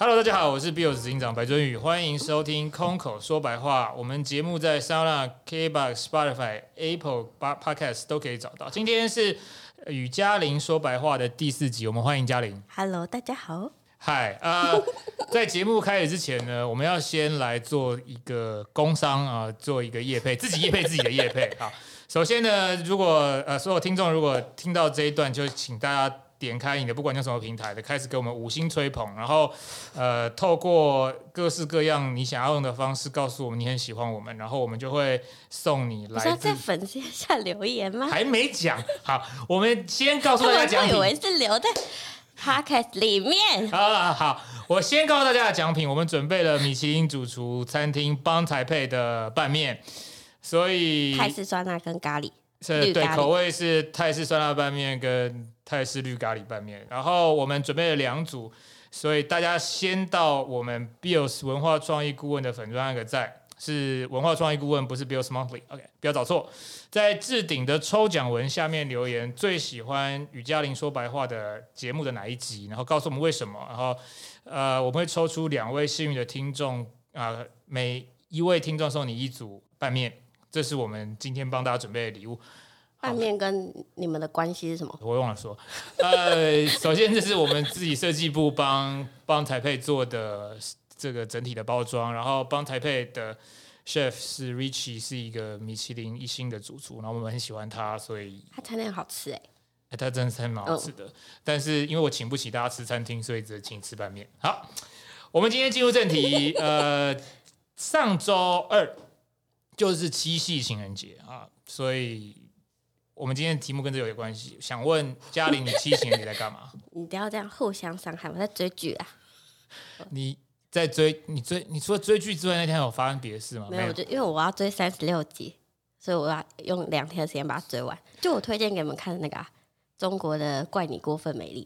Hello，大家好，我是 Bios 執行長白尊宇，歡迎收聽空口說白話。我們節目在 SoundOn、KBox、Spotify、Apple Podcast 都可以找到。今天是與嘉玲說白話的第四集，我們歡迎嘉玲。Hello，大家好。Hi，呃，在節目開始之前呢， 我們要先來做一個工商啊，呃，做一個業配，自己業配自己的業配。好，首先呢，如果呃，所有聽眾如果聽到這一段，就請大家。點開你的，不管叫什麼平台的，開始給我們五星吹捧，然後，呃，透過各式各樣你想要用的方式告訴我們你很喜歡我們，然後我們就會送你來。說在粉絲下留言嗎？還沒講。好，我們先告訴大家。我以為是留在 podcast 裡面。好、啊、好，我先告訴大家獎品，我們準備了米其林主廚餐廳 Baan Taipei 的拌麵，所以泰式酸辣跟咖喱，是喱對口味是泰式酸辣拌麵跟，泰式綠咖喱拌麵，然後我們準備了兩組，所以大家先到我們 BIOS 文化創意顧問的粉專按個讚，是文化創意顧問，不是 BIOS Monthly，OK，不要找錯，在置頂的抽獎文下面留言最喜歡與嘉玲說白話的節目的哪一集，然後告訴我們為什麼，然後呃，我們會抽出兩位幸運的聽眾啊、呃，每一位聽眾送你一組拌麵，這是我們今天幫大家準備的禮物。拌麵跟你們的關係是什麼？Okay. 我忘了說。呃，首先這是我們自己設計部幫 Baan Taipei 做的這個整體的包裝，然後 Baan Taipei 的 chef 是 Richie，是一個米其林一星的主廚，然後我們很喜歡他，所以他餐點很好吃哎、欸欸，他真的是很好吃的。嗯、但是因為我請不起大家吃餐廳，所以只請吃拌麵。好，我們今天進入正題。 呃，上周二就是七夕情人節啊，所以。我們今天的題目跟這有些關係，想問嘉玲，你七夕你在幹嘛？ 你不要這樣互相傷害，我在追劇啊。你在追？你追？你除了追劇之外，那天有發生別的事嗎？沒有，我就因為我要追三十六集，所以我要用兩天的時間把它追完。就我推薦給你們看的那個、啊《中國的怪你過分美麗》，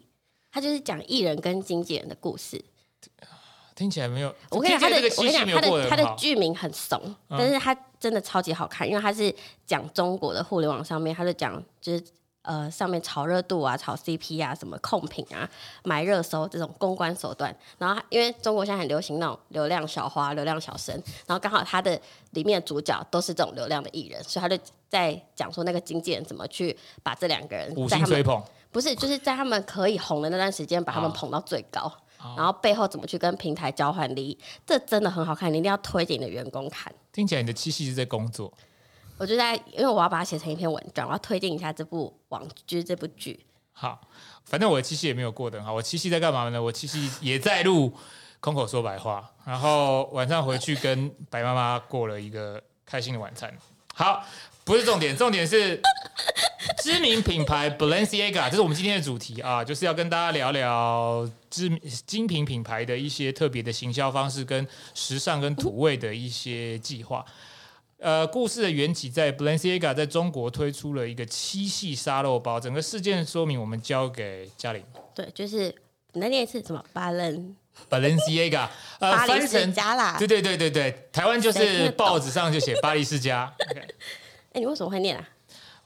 它就是講藝人跟經紀人的故事聽，聽起來沒有，我跟 Okay, 他的我跟你講，他的他的劇名很慫，但是他。真的超級好看，因為他是講中國的互聯網上面，他就講就是呃上面炒熱度啊、炒 CP 啊、什麼控評啊、買熱搜這種公關手段。然後因為中國現在很流行那種流量小花、流量小生，然後剛好他的裡面的主角都是這種流量的藝人，所以他就在講說那個經紀人怎麼去把這兩個人五星追捧，不是就是在他們可以紅的那段時間把他們捧到最高，哦、然後背後怎麼去跟平台交換利益，這真的很好看，你一定要推給你的員工看。聽起來你的七夕是在工作，我就在，因為我要把它寫成一篇文章，我要推薦一下這部網、就是這部劇。好，反正我的七夕也沒有過的。好。我七夕在幹嘛呢？我七夕也在錄空口說白話，然後晚上回去跟白媽媽過了一個開心的晚餐。好，不是重點，重點是。 知名品牌 Balenciaga， 這是我們今天的主題啊，就是要跟大家聊聊知名精品品牌的一些特別的行銷方式，跟時尚跟土味的一些計劃。Uh huh. 呃，故事的緣起在 Balenciaga 在中國推出了一個七系沙漏包，整個事件說明我們交給嘉玲。對，就是你再念一次怎麼 Balen Balenciaga？Bal 呃， 巴黎世家啦，對對對對對，台灣就是報紙上就寫巴黎世家。哎 Okay.、欸，你為什麼會念啊？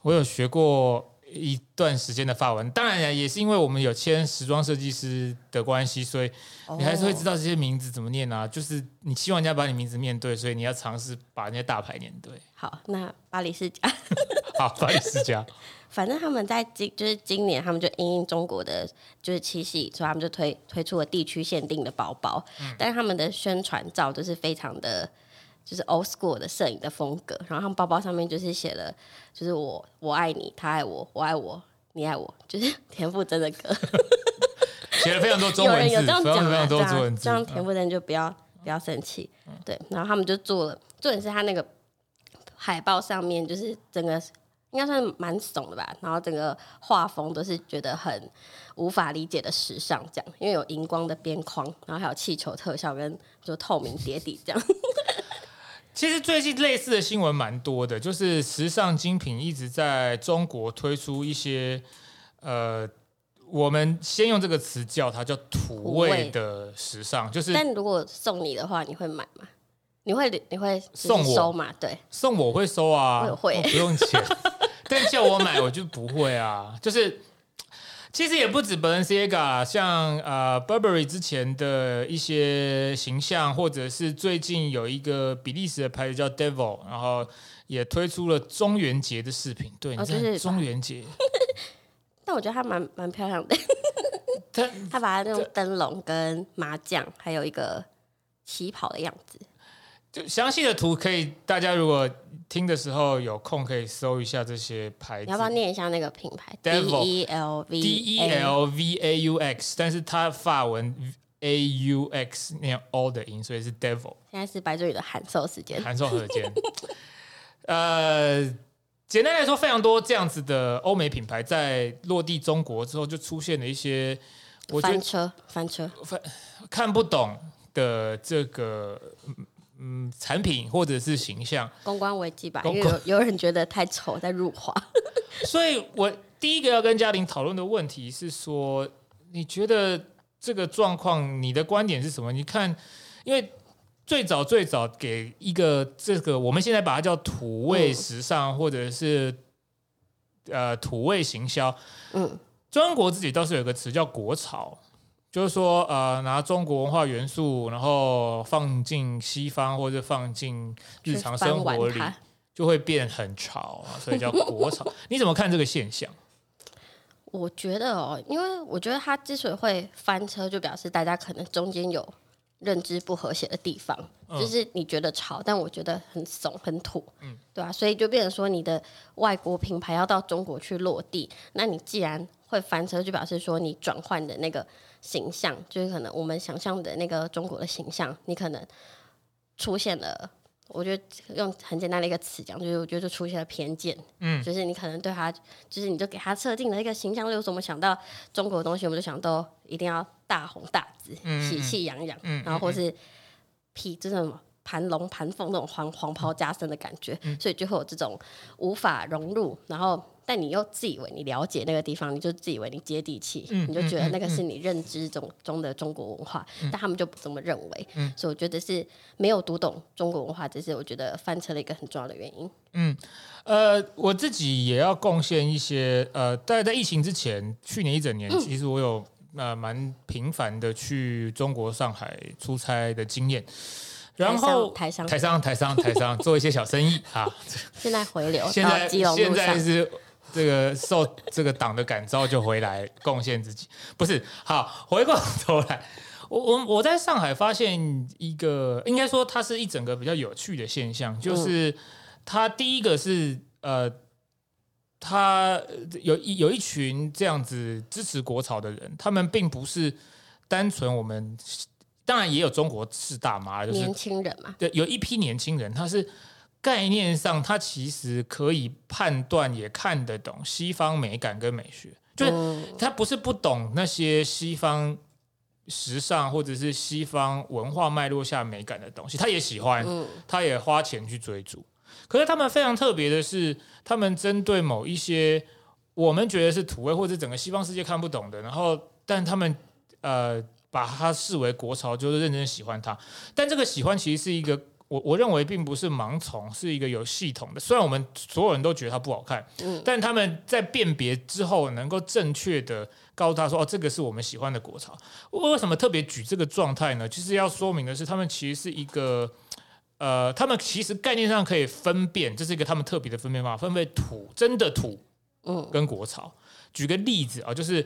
我有學過一段時間的法文，當然也是因為我們有簽時裝設計師的關係，所以你還是會知道這些名字怎麼念啊。Oh. 就是你希望人家把你名字念對，所以你要嘗試把那些大牌念對。好，那巴黎世家。 好，巴黎世家。 反正他們在今就是今年，他們就因應中國的就是七夕，所以他們就推推出了地區限定的包包，嗯、但是他們的宣傳照就是非常的。就是 old school 的攝影的風格，然後他們包包上面就是寫了，就是我我愛你，他愛我，我愛我，你愛我，就是田馥甄的歌，寫 了非常多中文有，有這樣講，啊，非常多中文這樣，田馥甄就不要不要生氣。嗯、對，然後他們就做了，重點是他那個海報上面就是整個應該算蠻慫的吧，然後整個畫風都是覺得很無法理解的時尚，這樣，因為有熒光的邊框，然後還有氣球特效跟就透明疊底這樣。 其實最近類似的新聞蠻多的，就是時尚精品一直在中國推出一些，呃，我們先用這個詞叫它叫土味的時尚，會就是。但如果送你的話，你會買嗎？你會你會送我收嗎？對送，送我會收啊，我也會，欸哦，不用錢。但 叫我買，我就不會啊，就是。其實也不止 Balenciaga 像啊、呃、Burberry 之前的一些形象，或者是最近有一個比利時的牌子叫 Devil，然後也推出了中元節的視頻。對，就、哦、是，是，是中元節。啊、 但我覺得它蠻蠻漂亮的，他 他把他那種燈籠跟麻將，還有一個旗袍的樣子。就詳細的圖可以，大家如果聽的時候有空可以搜一下這些牌子。你要不要念一下那個品牌？Devil D E L V A, L V A U X，但是它法文 A U X 那個 O 的音，所以是 Devil。現在是白卓宇的函授時間，函授時間。 呃，簡單來說，非常多這樣子的歐美品牌在落地中國之後，就出現了一些我翻車、翻車、翻看不懂的這個。嗯，產品或者是形象公關危機吧，公關，因為有，有人覺得太醜，在辱華。所以，我第一個要跟嘉玲討論的問題是說，你覺得這個狀況，你的觀點是什麼？你看，因為最早最早給一個這個，我們現在把它叫土味時尚，嗯、或者是呃土味行銷。嗯，中國自己倒是有個詞叫國潮。就是說，呃，拿中國文化元素，然後放進西方或者放進日常生活裡，就，就會變很潮。所以叫國潮。 你怎麼看這個現象？我覺得哦，因為我覺得他之所以會翻車，就表示大家可能中間有。認知不和諧的地方，就是你覺得潮，uh. 但我覺得很慫、很土，對啊，所以就變成說，你的外國品牌要到中國去落地，那你既然會翻車，就表示說你轉換的那個形象，就是可能我們想象的那個中國的形象，你可能出現了。我覺得用很簡單的一個詞講，就是我覺得就出現了偏見，嗯、就是你可能對他，就是你就給他設定了一個形象。比如說，我們想到中國的東西，我們就想到一定要大紅大紫，嗯嗯，喜氣洋洋，嗯嗯、然後或是披就是什麼盤龍盤鳳那種黃黃袍加身的感覺，嗯、所以就會有這種無法融入，然後。但你又自以為你了解那個地方，你就自以為你接地氣，嗯、你就覺得那個是你認知中中的中國文化，嗯嗯、但他們就不這麼認為，嗯、所以我覺得是沒有讀懂中國文化，這是我覺得翻車的一個很重要的原因。嗯，呃，我自己也要貢獻一些，呃，大概在，在疫情之前，去年一整年，嗯、其實我有那、呃、蠻頻繁的去中國上海出差的經驗，然後台商台商台商台商 做一些小生意哈， 現在回流基隆現在，現在現在是。 這個受這個黨的感召就回來貢獻自己。不是好，回過頭來，我我我在上海發現一個，應該說它是一整個比較有趣的現象，就是它第一個是呃，它有一有一群這樣子支持國潮的人，他們並不是單純我們，當然也有中國式大媽，就是年輕人嘛，對，有一批年輕人他是。概念上，他其實可以判斷，也看得懂西方美感跟美學，就是他不是不懂那些西方時尚或者是西方文化脈絡下美感的東西，他也喜歡，他也花錢去追逐。可是他們非常特別的是，他們針對某一些我們覺得是土味或者整個西方世界看不懂的，然後但他們呃把它視為國潮，就是認真喜歡它。但這個喜歡其實是一個。我我認為並不是盲從，是一個有系統的。雖然我們所有人都覺得它不好看，嗯、但他們在辨別之後，能夠正確地告訴他說：“哦，這個是我們喜歡的國潮。”為什麼特別舉這個狀態呢？就是要說明的是，他們其實是一個，呃，他們其實概念上可以分辨，這、就是一個他們特別的分辨方法，分辨土真的土，跟國潮。嗯、舉個例子啊、哦，就是。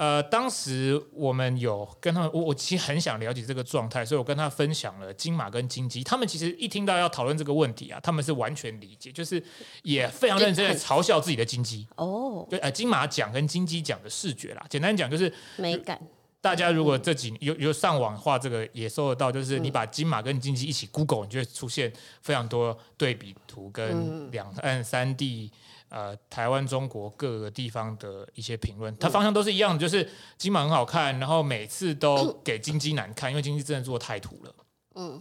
呃，當時我們有跟他們，我我其實很想了解這個狀態，所以我跟他分享了金馬跟金雞。他們其實一聽到要討論這個問題啊，他們是完全理解，就是也非常認真的很嘲笑自己的金雞。哦、就呃，金馬獎跟金雞獎的視覺啦，簡單講就是美感。大家如果這幾有有上網的話、嗯、這個，也搜得到，就是你把金馬跟金雞一起 Google，、嗯、你就會出現非常多對比圖跟兩岸、嗯、三地。呃，台灣、中國各個地方的一些評論，它方向都是一樣的，就是金馬很好看，然後每次都給金雞難看，因為金雞真的做的太土了。嗯，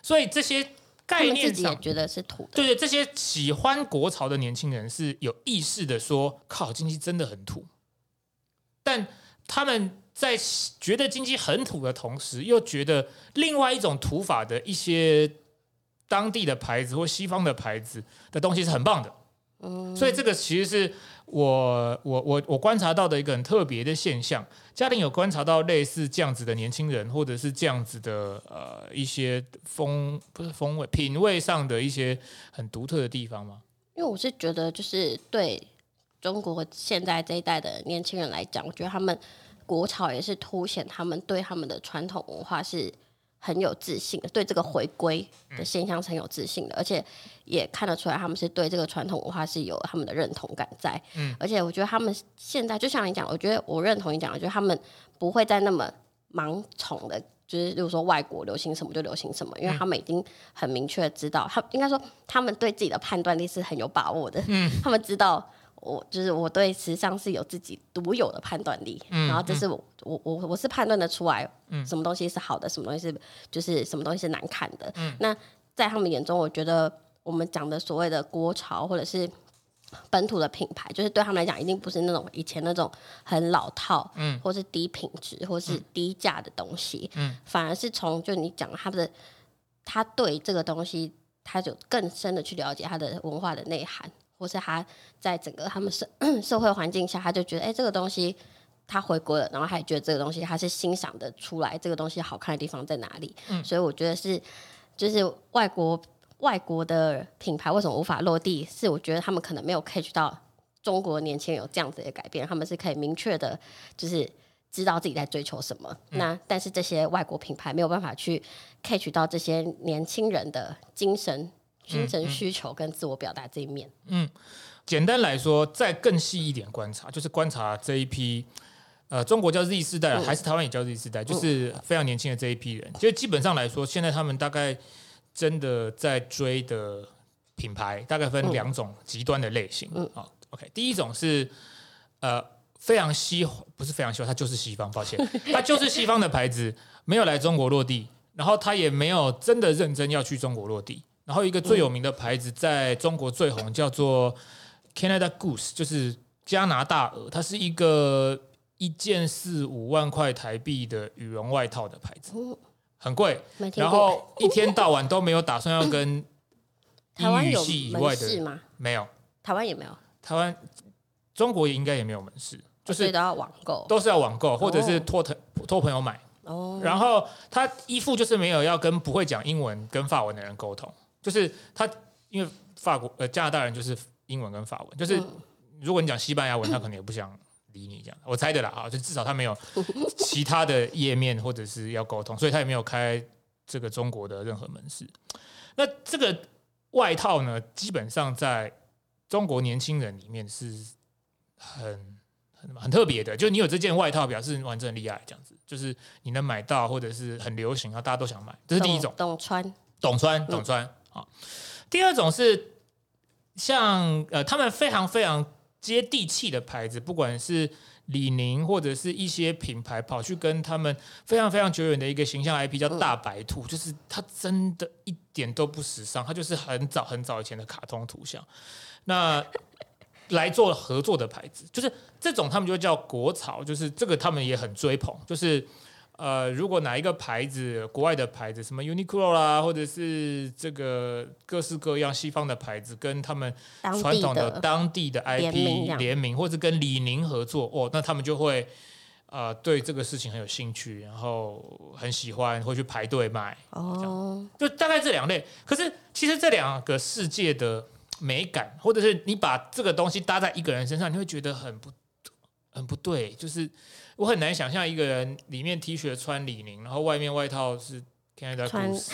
所以這些概念上也覺得是土，對對，這些喜歡國潮的年輕人是有意識的說，靠，金雞真的很土。但他們在覺得金雞很土的同時，又覺得另外一種土法的一些當地的牌子或西方的牌子的東西是很棒的。嗯，所以這個其實是我我我我觀察到的一個很特別的現象。嘉玲有觀察到類似這樣子的年輕人，或者是這樣子的呃一些風不是風味品味上的一些很獨特的地方嗎？因為我是覺得，就是對中國現在這一代的年輕人來講，我覺得他們國潮也是凸顯他們對他們的傳統文化是。很有自信的，對這個回歸的現象是很有自信的，嗯、而且也看得出來，他們是對這個傳統文化是有他們的認同感在。嗯、而且我覺得他們現在就像你講，我覺得我認同你講的，就是他們不會再那麼盲從的，就是例如說外國流行什麼就流行什麼，因為他們已經很明確知道，嗯、他應該說他們對自己的判斷力是很有把握的。嗯、 他們知道。我就是我對時尚是有自己獨有的判斷力，嗯、然後這是我、嗯、我我我是判斷的出來，什麼東西是好的，嗯、什麼東西是就是什麼東西是難看的。嗯、那在他們眼中，我覺得我們講的所謂的國潮或者是本土的品牌，就是對他們來講一定不是那種以前那種很老套，嗯或，或是低品質或是低價的東西，嗯，嗯反而是從就你講他的他對這個東西，他就更深的去了解他的文化的內涵。或是他在整個他們社、嗯、社會環境下，他就覺得，哎、欸，這個東西他回國了，然後還覺得這個東西他是欣賞得出來，這個東西好看的地方在哪裡？嗯、所以我覺得是，就是外國外國的品牌為什麼無法落地？是我覺得他們可能沒有 catch 到中國年輕人有這樣子的改變，他們是可以明確的，就是知道自己在追求什麼。嗯、那但是這些外國品牌沒有辦法去 catch 到這些年輕人的精神。精神需求跟自我表達這一面，嗯，嗯，簡單來說，再更細一點觀察，嗯、就是觀察這一批，呃，中國叫 Z 世代，嗯、還是台灣也叫 Z 世代，嗯、就是非常年輕的這一批人。嗯嗯、就基本上來說，現在他們大概真的在追的品牌，大概分兩種極端的類型。啊、嗯嗯哦、OK，第一種是呃，非常西，不是非常西，它就是西方，抱歉， 它就是西方的牌子沒有來中國落地，然後他也沒有真的認真要去中國落地。然後一個最有名的牌子在中國最紅，叫做 Canada Goose，就是加拿大鵝，它是一個一件四五萬塊台幣的羽絨外套的牌子，很貴。然後一天到晚都沒有打算要跟英語系以外的，台灣有門市嗎？沒有，台灣也沒有，台灣中國應該也沒有門市，就是都要網購，都是要網購，哦、或者是托朋托朋友買。哦、然後他衣服就是沒有要跟不會講英文跟法文的人溝通。就是他，因為法國呃，加拿大人就是英文跟法文，就是如果你講西班牙文，呃、他可能也不想理你這樣。我猜的啦啊，就至少他沒有其他的頁面或者是要溝通， 所以他也沒有開這個中國的任何門市。那這個外套呢，基本上在中國年輕人裡面是很很很特別的，就是你有這件外套，表示你完整厲害這樣子，就是你能買到，或者是很流行啊，大家都想買，這是第一種懂穿懂穿懂穿。好第二種是像呃，他們非常非常接地氣的牌子，不管是李寧或者是一些品牌，跑去跟他們非常非常久遠的一個形象 IP 叫大白兔，哦、就是它真的一點都不時尚，它就是很早很早以前的卡通圖像，那來做合作的牌子，就是這種他們就叫國潮，就是這個他們也很追捧，就是。呃，如果哪一個牌子，國外的牌子，什麼 Uniqlo 啦，或者是這個各式各樣西方的牌子，跟他們傳統的當地的 IP 聯名，名或者跟李寧合作，哦，那他們就會呃對這個事情很有興趣，然後很喜歡，會去排隊買。哦，就大概這兩類。可是其實這兩個世界的美感，或者是你把這個東西搭在一個人身上，你會覺得很不很不對，就是。我很難想象一個人裡面 T 恤穿李寧，然後外面外套是 Canada Goose，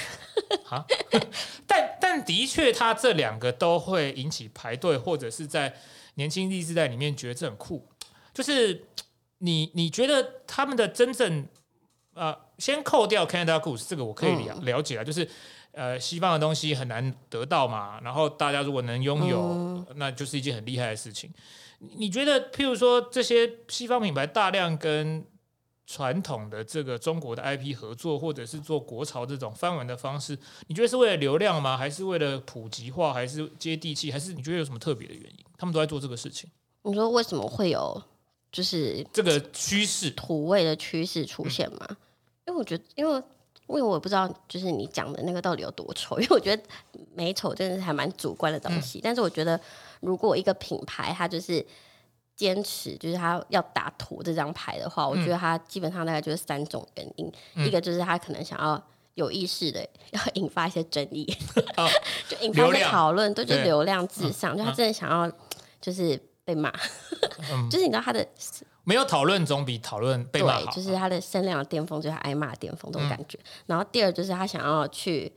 好蛤 但但的確，他這兩個都會引起排隊，或者是在年輕力士在裡面覺得這很酷。就是你你覺得他們的真正呃，先扣掉 Canada Goose 這個我可以了了解啊，哦、就是呃西方的東西很難得到嘛，然後大家如果能擁有，哦、那就是一件很厲害的事情。你覺得，譬如說，這些西方品牌大量跟傳統的這個中國的 IP 合作，或者是做國潮這種翻玩的方式，你覺得是為了流量嗎？還是為了普及化？還是接地氣？還是你覺得有什麼特別的原因？他們都在做這個事情。你說為什麼會有就是、嗯、這個趨勢土味的趨勢出現嗎？嗯嗯，因為我覺得，因為因為我也不知道，就是你講的那個到底有多醜。因為我覺得美醜真的是還蠻主觀的東西。嗯、但是我覺得。如果一個品牌它就是堅持，就是它要打土這張牌的話，我覺得它基本上大概就是三種原因，一個就是它可能想要有意識的要引發一些爭議、哦， 就引發一些討論，流量，都是流量至上，嗯、就它真的想要就是被罵、嗯， 就是你知道他的，沒有討論總比討論被罵好，就是他的聲量的巔峰就是他挨罵的巔峰、嗯、這種感覺。然後第二就是他想要去。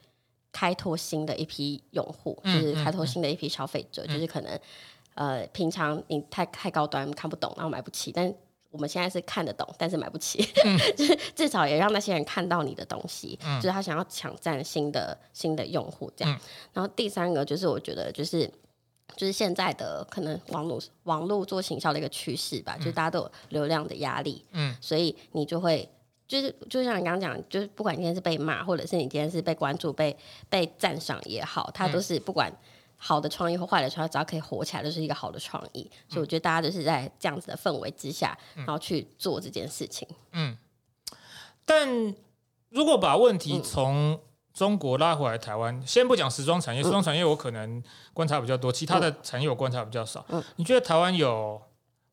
開拓新的一批用戶，嗯、就是開拓新的一批消費者，嗯、就是可能，嗯、呃，平常你太太高端看不懂，然後買不起，但我們現在是看得懂，但是買不起，嗯、 就是至少也讓那些人看到你的東西，嗯、就是他想要搶占新的新的用戶這樣。嗯、然後第三個就是我覺得就是就是現在的可能網絡網絡做行銷的一個趨勢吧，嗯、就大家都有流量的壓力，嗯，所以你就會。就是就像你剛剛講，就是不管你今天是被罵，或者是你今天是被關注、被被贊賞也好，它都是不管好的創意或壞的創意，它只要可以活起來，都是一個好的創意。嗯、所以我覺得大家都是在這樣子的氛圍之下，嗯、然後去做這件事情。嗯。但如果把問題從中國拉回來台灣，台灣、嗯，先不講時裝產業，時裝產業我可能觀察比較多，嗯、其他的產業我觀察比較少。嗯。嗯你覺得台灣有？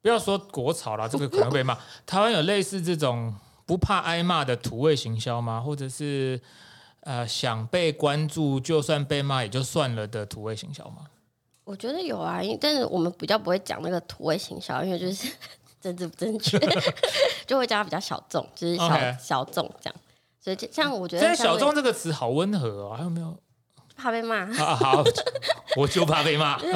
不要說國潮啦，這個可能被罵。嗯、台灣有類似這種。不怕挨罵的土味行銷嗎？或者是，呃，想被關注就算被罵也就算了的土味行銷嗎？我覺得有啊，因但是我們比較不會講那個土味行銷，因為就是政治不正確， 就會講比較小眾，就是小 Okay. 小眾這樣。所以像我覺得，小眾這個詞好溫和哦。還有沒有？怕被罵、 啊。好，我就怕被罵。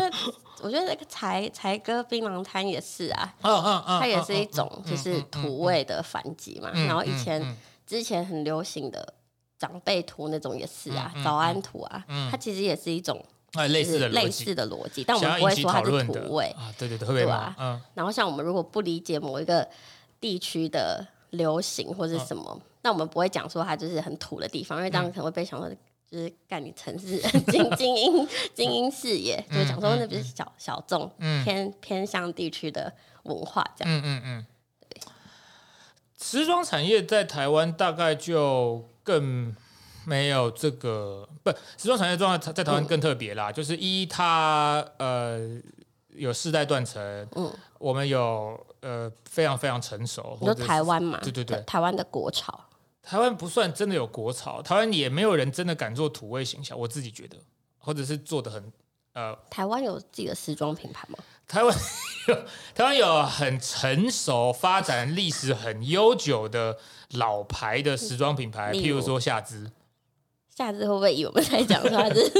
我覺得那個才才哥檳榔攤也是啊，oh, oh, oh, oh, oh, 它也是一種就是土味的反擊嘛。然後以前、嗯嗯嗯、之前很流行的長輩圖那種也是啊，嗯嗯嗯、早安圖啊，嗯、它其實也是一種是類似的類似的邏輯，但我們不會說它是土味啊，對對對，對吧、啊？嗯、然後像我們如果不理解某一個地區的流行或者什麼，那、哦、我們不會講說它就是很土的地方，因為這樣可能會被想說。就是幹你城市人精精英 精英事業，就是講說那不是小小眾，嗯、偏偏向地區的文化這樣。嗯嗯嗯。嗯嗯對，時裝產業在台灣大概就更沒有這個，不，時裝產業狀況在台灣更特別啦。嗯、就是一，它呃有世代斷層。嗯。我們有呃非常非常成熟，你說台灣嘛？對對對，台灣的國潮。台灣不算真的有國潮，台灣也沒有人真的敢做土味形象。我自己覺得，或者是做的很呃。台灣有自己的時裝品牌嗎？台灣有台灣有很成熟、發展歷史很悠久的老牌的時裝品牌，例如譬如說夏姿。夏姿會不會以為我們在講？夏姿，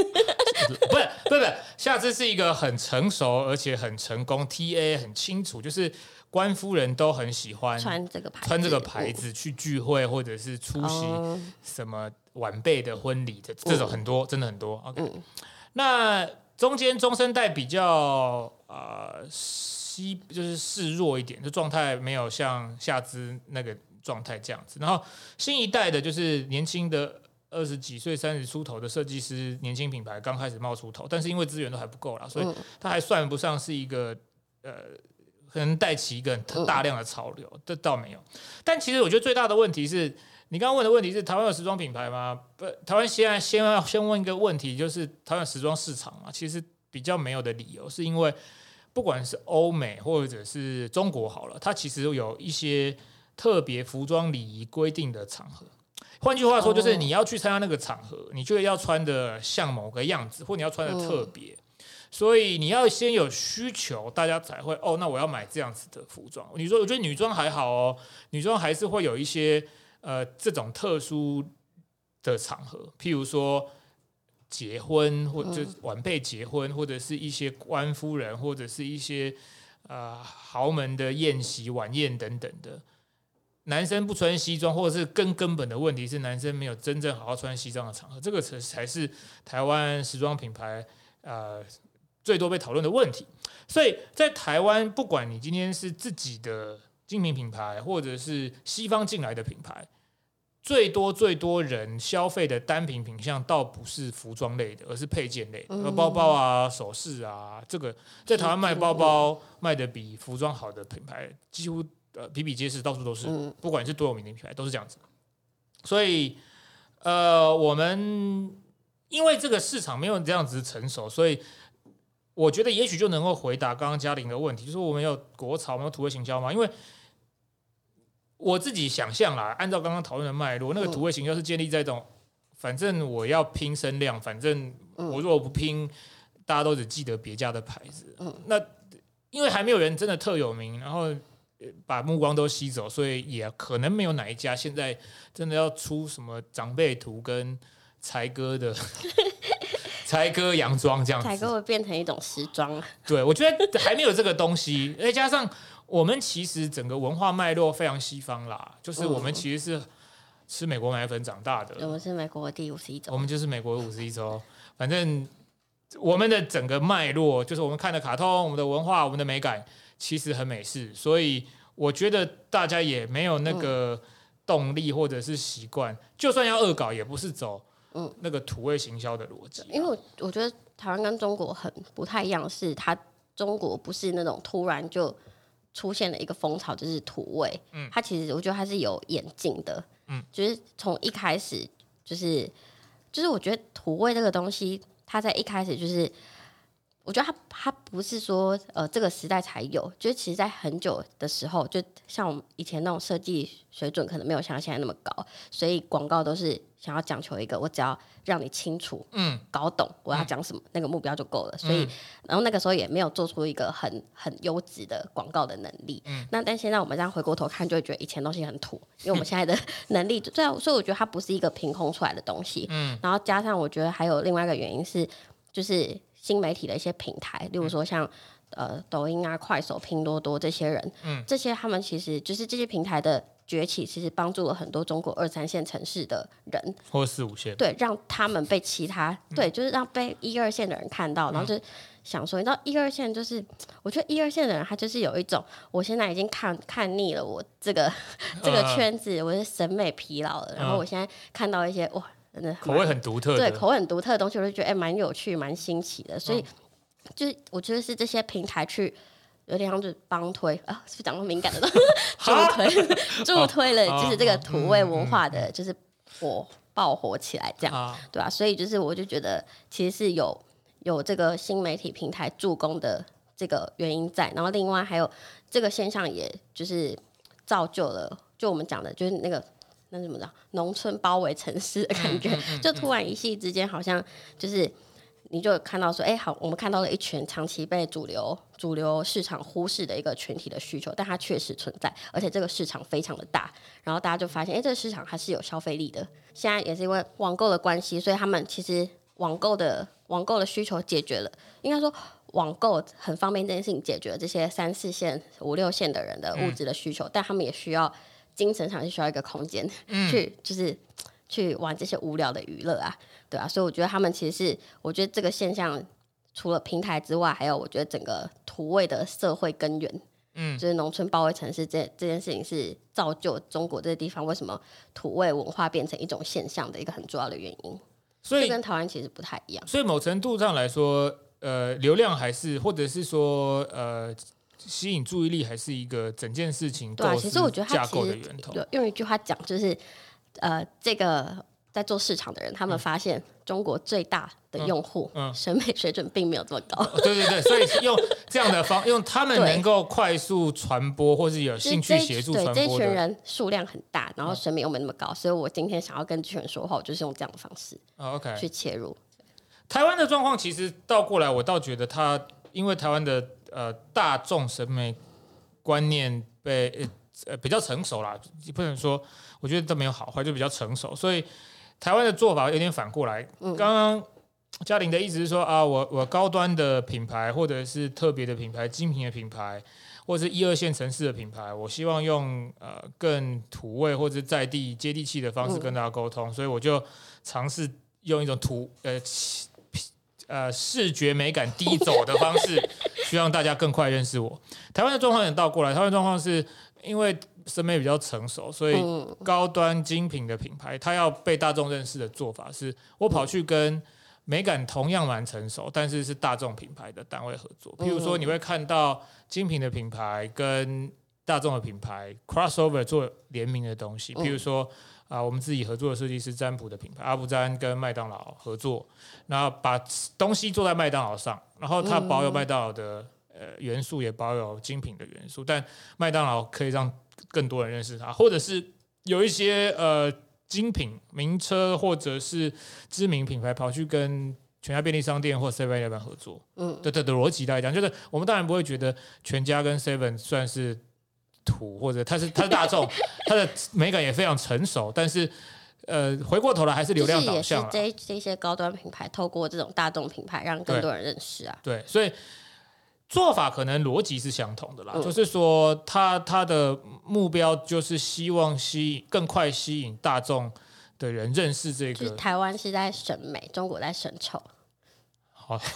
夏姿不是不是，夏姿是一個很成熟而且很成功，TA 很清楚，就是。官夫人都很喜歡穿這個牌子，穿這個牌子去聚會，或者是出席什麼晚輩的婚禮的這種很多，真的很多、okay。嗯、那中間中生代比較啊，西就是示弱一點，這狀態沒有像夏姿那個狀態這樣子。然後新一代的，就是年輕的二十幾歲、三十出頭的設計師，年輕品牌剛開始冒出頭，但是因為資源都還不夠啦，所以他還算不上是一個呃。可能帶起一個很大量的潮流，嗯、這倒沒有。但其實我覺得最大的問題是你剛剛問的問題是台灣有時裝品牌嗎？不，台灣現在先要先問一個問題，就是台灣時裝市場啊，其實比較沒有的理由，是因為不管是歐美或者是中國好了，它其實有一些特別服裝禮儀規定的場合。換句話說，就是你要去參加那個場合，你就要穿的像某個樣子，或你要穿的特別。嗯所以你要先有需求，大家才會哦，那我要買這樣子的服裝。你說，我覺得女裝還好哦，女裝還是會有一些呃這種特殊的場合，譬如說結婚，或者晚輩結婚，或者是一些官夫人，或者是一些呃豪門的宴席、晚宴等等的。男生不穿西裝，或者是更根本的問題是，男生沒有真正好好穿西裝的場合，這個才才是台灣時裝品牌啊。呃最多被討論的問題，所以在台灣，不管你今天是自己的精品品牌，或者是西方進來的品牌，最多最多人消費的單品品項，倒不是服裝類的，而是配件類，呃，包包啊、首飾啊。這個在台灣賣包包賣的比服裝好的品牌，幾乎呃比比皆是，到處都是。不管是多有名的品牌，都是這樣子。所以，呃，我們因為這個市場沒有這樣子成熟，所以。我覺得也許就能夠回答剛剛嘉玲的問題，就是我們有國潮，我們有土味行銷嗎？因為我自己想象啦，按照剛剛討論的脈絡，那個土味行銷是建立在這種，反正我要拼聲量，反正我如果不拼，大家都只記得別家的牌子。那因為還沒有人真的特有名，然後把目光都吸走，所以也可能沒有哪一家現在真的要出什麼長輩圖跟才哥的。 才哥洋裝這樣，才哥會變成一種時裝。對，我覺得還沒有這個東西。哎， 再加上我們其實整個文化脈絡非常西方啦，就是我們其實是吃美國奶粉長大的。嗯、我們是美國的第五十一州，我們就是美國的五十一州。嗯、反正我們的整個脈絡，就是我們看的卡通、我們的文化、我們的美感，其實很美式。所以我覺得大家也沒有那個動力或者是習慣，嗯、就算要惡搞，也不是走。嗯，那個土味行銷的邏輯，因為我，我覺得臺灣跟中國很不太一樣，是它中國不是那種突然就出現了一個風潮就是土味，嗯，它其實我覺得它是有演進的，嗯，就是從一開始就是就是我覺得土味這個東西，它在一開始就是。我覺得它它不是說呃這個時代才有，就是其實在很久的時候，就像我們以前那種設計水準可能沒有像現在那麼高，所以廣告都是想要講求一個我只要讓你清楚，嗯，搞懂我要講什麼、嗯、那個目標就夠了。所以、嗯、然後那個時候也沒有做出一個很很優質的廣告的能力。嗯，那但現在我們這樣回過頭看，就會覺得以前東西很土，因為我們現在的呵呵能力，對啊，所以我覺得它不是一個憑空出來的東西。嗯，然後加上我覺得還有另外一個原因是，就是。新媒體的一些平台，例如說像呃抖音啊、快手、拼多多這些人，嗯，這些他們其實就是這些平台的崛起，其實幫助了很多中國二三線城市的人，或四五線，對，讓他們被其他、嗯、對，就是讓被一二線的人看到，然後就想說，你知道一二線就是，我覺得一二線的人他就是有一種，我現在已經看看膩了，我這個這個圈子我是審美疲勞了，然後我現在看到一些哇。口味很獨特的，對口味很獨特的東西，我就覺得哎，蠻、欸、有趣，蠻新奇的。所以，嗯、就是我覺得是這些平台去有點像就幫推啊，是不是講，那麼敏感的東西，助推 哈 助推了，啊、就是這個土味文化的，就是火爆火起來，這樣、啊、對吧、啊？所以就是我就覺得，其實是有有這個新媒體平台助攻的這個原因在，然後另外還有這個現象，也就是造就了，就我們講的，就是那個。那怎麼着？農村包圍城市的感覺，就突然一夕之間，好像就是你就看到說，哎、欸，好，我們看到了一群長期被主流主流市場忽視的一個群體的需求，但它確實存在，而且這個市場非常的大。然後大家就發現，哎、欸，這個市場還是有消費力的。現在也是因為網購的關係，所以他們其實網購的網購的需求解決了。應該說，網購很方便，這件事情解決了這些三四線、五六線的人的物質的需求，嗯、但他們也需要。精神上是需要一個空間，嗯，去就是去玩這些無聊的娛樂啊，對啊，所以我覺得他們其實是，我覺得這個現象除了平台之外，還有我覺得整個土味的社會根源，嗯，就是農村包圍城市這這件事情是造就中國這個地方為什麼土味文化變成一種現象的一個很重要的原因。所以跟台灣其實不太一樣。所以某程度上來說，呃，流量還是，或者是說，呃。吸引注意力還是一個整件事情。對、啊，其實我覺得它其實架構的源頭用一句話講就是，呃，這個在做市場的人，他們發現中國最大的用戶，嗯，嗯，審美水準並沒有這麼高、哦。對對對，所以用這樣的方， 用他們能夠快速傳播，或是有興趣協助傳播，對對，這群人數量很大，然後審美又沒那麼高，所以我今天想要跟這群人說話，我就是用這樣的方式，OK 去切入。哦 okay，對台灣的狀況其實倒過來，我倒覺得他因為台灣的。呃，大眾審美觀念被呃，呃比較成熟啦，你不能說，我覺得都沒有好壞，就比較成熟。所以台灣的做法有點反過來。剛剛嘉玲的意思是說啊，我我高端的品牌或者是特別的品牌，精品的品牌，或者是一二線城市的品牌，我希望用呃更土味或者是在地接地氣的方式跟大家溝通，嗯，所以我就嘗試用一種土呃呃視覺美感低走的方式。 希望大家更快認識我。台灣的狀況也倒過來，台灣狀況是因為審美比較成熟，所以高端精品的品牌它要被大眾認識的做法是，我跑去跟美感同樣蠻成熟，但是是大眾品牌的單位合作。譬如說，你會看到精品的品牌跟大眾的品牌 crossover 做聯名的東西，譬如說。啊，我們自己合作的設計師占卜的品牌阿布占跟麥當勞合作，那把東西做在麥當勞上，然後他保有麥當勞的呃元素，也保有精品的元素，但麥當勞可以讓更多人認識他，或者是有一些呃精品名車或者是知名品牌跑去跟全家便利商店或 seven eleven 合作，嗯，的的的邏輯來講，就是我們當然不會覺得全家跟 seven 算是。土或者它是它是大眾，它 的美感也非常成熟，但是呃，回過頭來還是流量導向。是是這這些高端品牌透過這種大眾品牌，讓更多人認識啊。對，對，所以做法可能邏輯是相同的啦，嗯、就是說他，他他的目標就是希望吸引更快吸引大眾的人認識這個。台灣是在審美，中國在審醜。好、哦。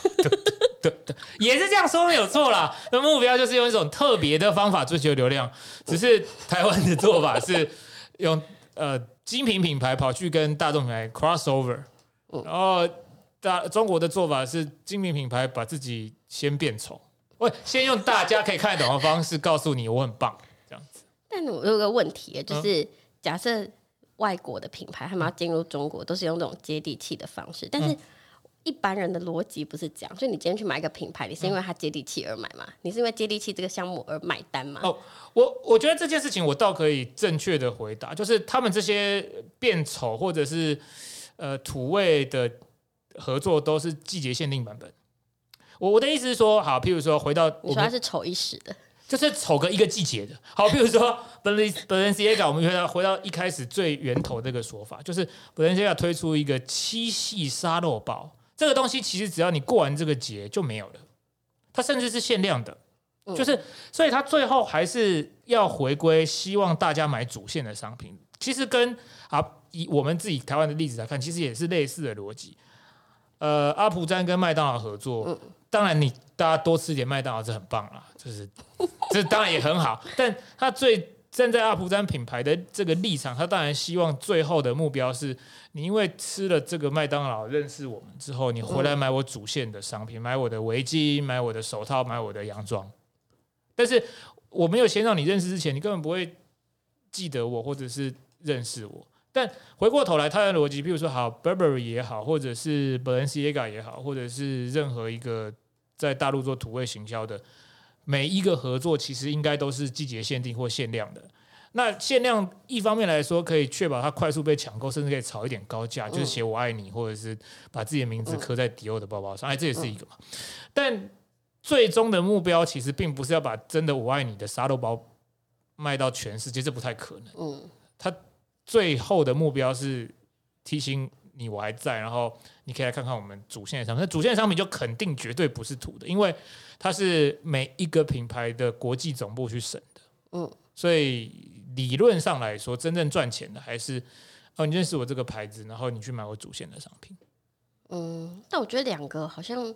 對，對，也是這樣說沒有錯啦。那 目標就是用一種特別的方法追求流量，只是台灣的做法是用 呃精品品牌跑去跟大眾品牌 crossover，然後大中國的做法是精品品牌把自己先變醜，我先用大家可以看得懂的方式告訴你我很棒這樣子。但我有，有個問題，就是、嗯、假設外國的品牌他們要進入中國，都是用這種接地氣的方式，但是。嗯一般人的邏輯不是這樣，所以你今天去買一個品牌，你是因為它接地氣而買嗎？嗯、你是因為接地氣這個項目而買單嗎？哦、oh，我我覺得這件事情我倒可以正確的回答，就是他們這些變醜或者是呃土味的合作都是季節限定版本。我我的意思是說，好，譬如說回到我，你說它是醜一時的，就是醜個一個季節的。好，譬如說，Balenciaga，我們回到 回到一開始最源頭這個說法，就是 Balenciaga 要推出一個七系沙漏包。這個東西其實只要你過完這個節就沒有了，它甚至是限量的，就是所以它最後還是要回歸，希望大家買主線的商品。其實跟啊以我們自己台灣的例子來看，其實也是類似的邏輯。呃，阿普詹跟麥當勞合作，嗯、當然你大家多吃點麥當勞是很棒啦，就是這當然也很好。 但他最站在阿普詹品牌的這個立場，他當然希望最後的目標是。你因為吃了這個麥當勞認識我們之後，你回來買我主線的商品，嗯、買我的圍巾，買我的手套，買我的洋裝。但是我沒有先讓你認識之前，你根本不會記得我或者是認識我。但回過頭來，他的邏輯，譬如說好，好 Burberry 也好，或者是 Balenciaga 也好，或者是任何一個在大陸做土味行銷的，每一個合作其實應該都是季節限定或限量的。那限量一方面來說，可以確保它快速被搶購，甚至可以炒一點高價，嗯、就是寫“我愛你”或者是把自己的名字刻在迪奧的包包上，哎、嗯，這也是一個嘛。但最終的目標其實並不是要把真的“我愛你”的沙漏包賣到全世界，這不太可能。嗯，他最後的目標是提醒你我還在，然後你可以來看看我們主線的商品。那主線的商品就肯定絕對不是土的，因為它是每一個品牌的國際總部去審的。嗯，所以。理論上來說，真正賺錢的還是哦，你認識我這個牌子，然後你去買我主線的商品。嗯，但我覺得兩個好像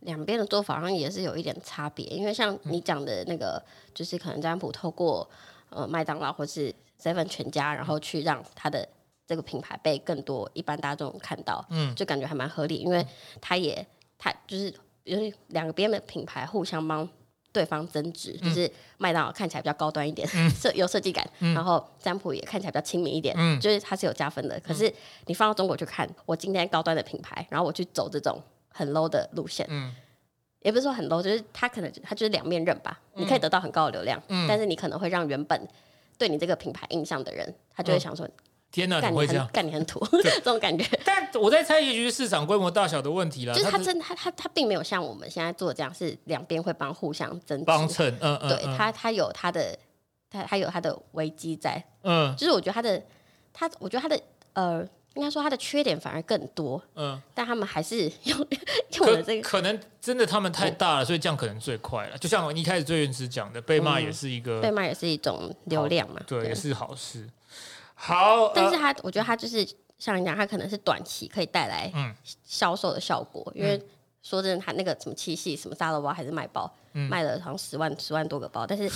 兩邊的做法好像也是有一點差別，因為像你講的那個，嗯、就是可能占卜透過呃麥當勞或是 Seven 全家，然後去讓他的這個品牌被更多一般大眾看到，嗯，就感覺還蠻合理，因為他也他就是就是兩邊的品牌互相幫，對方增值，嗯、就是麥當勞看起來比較高端一點，設、嗯、 有設計感，嗯、然後占卜也看起來比較親民一點，嗯、就是它是有加分的。可是你放到中國去看，我今天高端的品牌，然後我去走這種很 low 的路線，嗯、也不是說很 low，就是它可能他就是兩面刃吧。嗯、你可以得到很高的流量，嗯、但是你可能會讓原本對你這個品牌印象的人，他就會想說。嗯天吶，幹，你很感覺很土，這種感覺。但我在猜，其實就是市場規模大小的問題啦。就是他真他他他並沒有像我們現在做這樣，是兩邊會幫互相爭。幫襯，嗯嗯。對他，他有他的，他他有他的危機在。嗯。就是我覺得他的，他我覺得他的呃，應該說他的缺點反而更多。嗯。但他們還是用用這個，可能真的他們太大了，所以這樣可能最快了。就像我一開始最原始講的，被罵也是一個，被罵也是一種流量嘛，對，也是好事。好，但是他、呃、我覺得他就是像人家，他可能是短期可以帶來銷售的效果，嗯、因為說真的，他那個什麼七夕什麼沙漏包還是賣包，賣了好像十萬十萬多個包，但是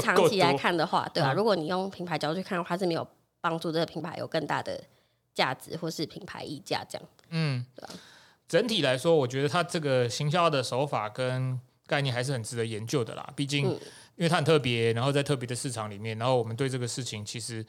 長期來看的話，對吧、啊？如果你用品牌角度去看的話，它是沒有幫助這個品牌有更大的價值或是品牌溢價這樣。嗯，對啊。整體來說，我覺得它這個行銷的手法跟概念還是很值得研究的啦。畢竟因為它很特別，然後在特別的市場裡面，然後我們對這個事情其實。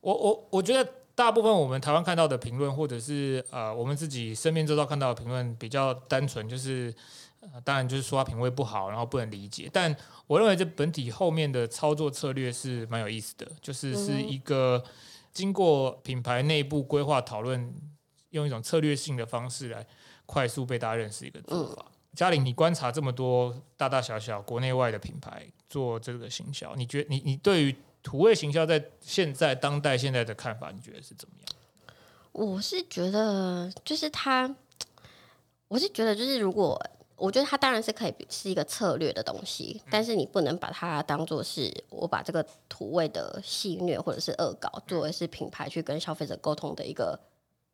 我我我覺得大部分我們台灣看到的評論，或者是呃我們自己身邊周遭看到的評論，比較單純，就是、呃、當然就是說他品味不好，然後不能理解。但我認為這本體後面的操作策略是蠻有意思的，就是是一個經過品牌內部規劃討論，用一種策略性的方式來快速被大家認識一個做法。嘉玲、嗯，你觀察這麼多大大小小國內外的品牌做這個行銷，你覺得你你對於？土味行銷在現在當代現在的看法，你覺得是怎麼樣？我是覺得，就是它，我是覺得，就是如果我覺得它當然是可以是一個策略的東西，但是你不能把它當做是我把這個土味的戲謔或者是惡搞作為是品牌去跟消費者溝通的一個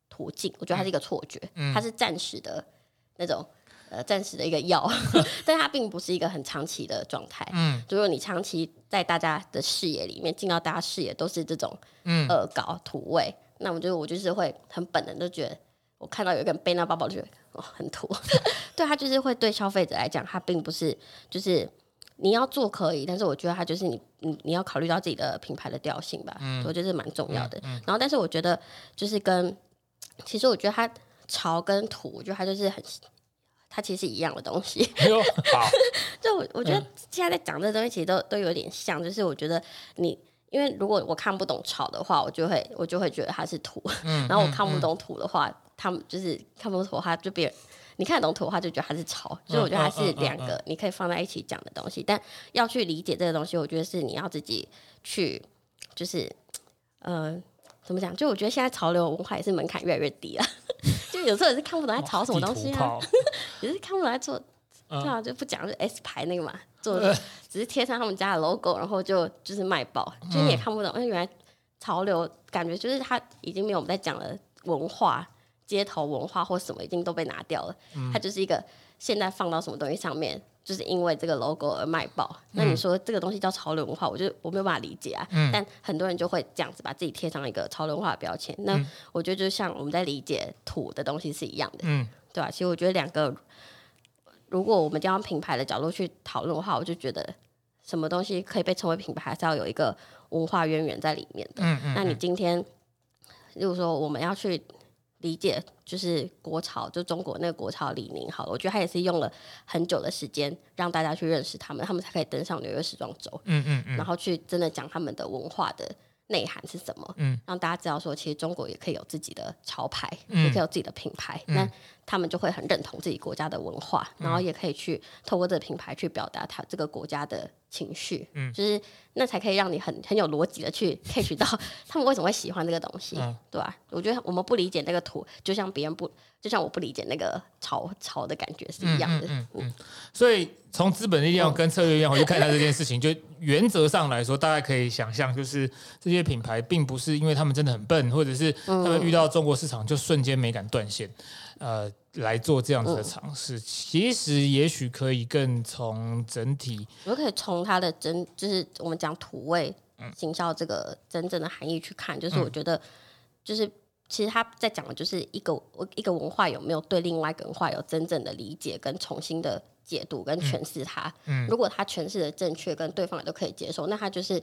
途徑。我覺得它是一個錯覺，它是暫時的那種。呃，暫時的一個藥， 但它並不是一個很長期的狀態。嗯，如果你長期在大家的視野裡面，進到大家視野都是這種惡搞土味，嗯、那我覺得我就是會很本能的覺得，我看到有一個人背那包包，就、哦、哇很土。 對，他就是會對消費者來講，他並不是就是你要做可以，但是我覺得他就是你你你要考慮到自己的品牌的調性吧，嗯，我覺得是蠻重要的。嗯嗯、然後但是我覺得就是跟其實我覺得它潮跟土，我覺得它就是很。它其實是一樣的東西， 就我，我覺得現在在講這東西，其實都都有點像，就是我覺得你，因為如果我看不懂潮的話，我就會我就會覺得它是土，嗯、然後我看不懂土的話，他們、嗯、就是看不懂土話，就別人你看得懂土的話，就覺得它是潮，所以、嗯、我覺得它是兩個你可以放在一起講的東西，嗯嗯嗯嗯嗯、但要去理解這個東西，我覺得是你要自己去，就是嗯、呃、怎麼講？就我覺得現在潮流文化也是門檻越來越低了。有時候也是看不懂在炒什麼東西啊， 也是看不懂在做，嗯、這樣就不講就 S 牌那個嘛，做的只是貼上他們家的 logo，然後就就是賣爆，就你也看不懂，嗯、因為原來潮流感覺就是它已經沒有我們在講的文化，街頭文化或什麼已經都被拿掉了，它就是一個。現在放到什麼東西上面，就是因為這個 logo 而賣爆。那你說這個東西叫潮流文化，我就我沒有辦法理解啊。嗯、但很多人就會這樣子把自己貼上一個潮流化的標籤。那、嗯、我覺得就像我們在理解土的東西是一樣的，嗯、對吧、啊？其實我覺得兩個，如果我們要用品牌的角度去討論的話，我就覺得什麼東西可以被稱為品牌，還是要有一個文化淵源在裡面的。嗯嗯、那你今天，嗯、如果說我們要去。理解就是國潮，就中國那個國潮李寧好了。我覺得他也是用了很久的時間，讓大家去認識他們，他們才可以登上紐約時裝周。嗯嗯嗯，然後去真的講他們的文化的內涵是什麼，嗯，讓大家知道說，其實中國也可以有自己的潮牌，嗯，也可以有自己的品牌。嗯他們就會很認同自己國家的文化，然後也可以去透過這個品牌去表達他這個國家的情緒，嗯，就是那才可以讓你很很有邏輯的去 catch 到他們為什麼會喜歡這個東西，嗯，對吧、啊？我覺得我們不理解那個圖，就像別人不，就像我不理解那個潮潮的感覺是一樣的，嗯，嗯，嗯，所以從資本力量跟策略力量，嗯、我就看一下這件事情。就原則上來說， 大家可以想象，就是這些品牌並不是因為他們真的很笨，或者是他們遇到中國市場就瞬間沒敢斷線。呃，來做這樣子的嘗試，嗯、其實也許可以更從整體，我們可以從它的真，就是我們講土味行銷、嗯、這個真正的含義去看，就是我覺得，嗯、就是其實他在講的就是一個，一個文化有沒有對另外一個文化有真正的理解跟重新的解讀跟詮釋它，嗯、如果他詮釋的正確，跟對方也都可以接受，那他就是。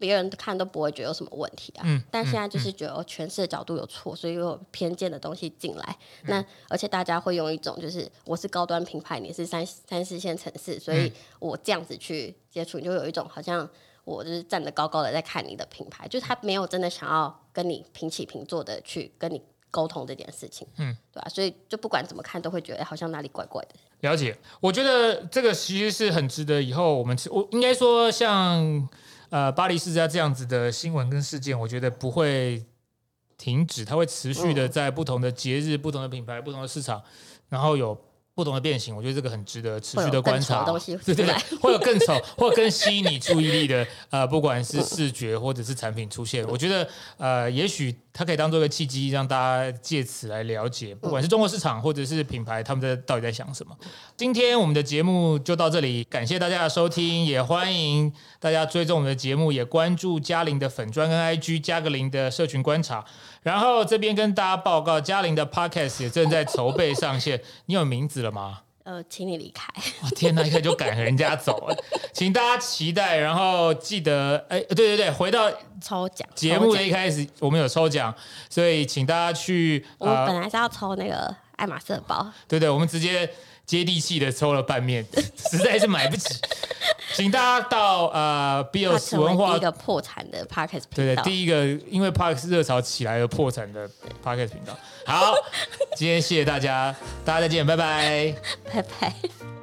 別人看都不會覺得有什麼問題啊，嗯、但現在就是覺得詮釋、嗯嗯哦、的角度有錯，所以有偏見的東西進來。嗯、那而且大家會用一種就是我是高端品牌，你是三三四線城市，所以我這樣子去接觸，嗯、你就有一種好像我就是站得高高的在看你的品牌，嗯、就他沒有真的想要跟你平起平坐的去跟你溝通這件事情，嗯，對吧、啊？所以就不管怎麼看都會覺得好像哪裡怪怪的。了解，我覺得這個其實是很值得以後我們吃我應該說像。呃，巴黎世家這樣子的新聞跟事件，我覺得不會停止，它會持續的在不同的節日、不同的品牌、不同的市場，然後有。不同的變形，我覺得這個很值得持續的觀察，有東西對對對，對，會有更醜 或更吸引你注意力的啊，呃，不管是視覺或者是產品出現，嗯、我覺得呃，也許它可以當做一個契機，讓大家借此來了解，不管是中國市場或者是品牌，他們在到底在想什麼？嗯、今天我們的節目就到這裡，感謝大家的收聽，也歡迎大家追蹤我們的節目，也關注嘉玲的粉專跟 IG 加個零的社群觀察。然後這邊跟大家報告，嘉玲的 podcast 也正在籌備上線。你有名字了嗎？呃，請你離開。我、哦、天哪，一看就趕人家走了。 請大家期待，然後記得，哎，對對對，回到抽獎節目的一開始，我們有抽獎，所以請大家去。呃、我們本來是要抽那個愛馬仕的包。對對，我們直接。接地氣的抽了拌麵，實在是買不起， 請大家到呃 Bios 文化 第一個破產的 Podcast 頻道，對對，第一個因為 Podcast 熱潮起來而破產的 Podcast 頻道。好， 今天謝謝大家，大家再見，拜拜， 拜拜。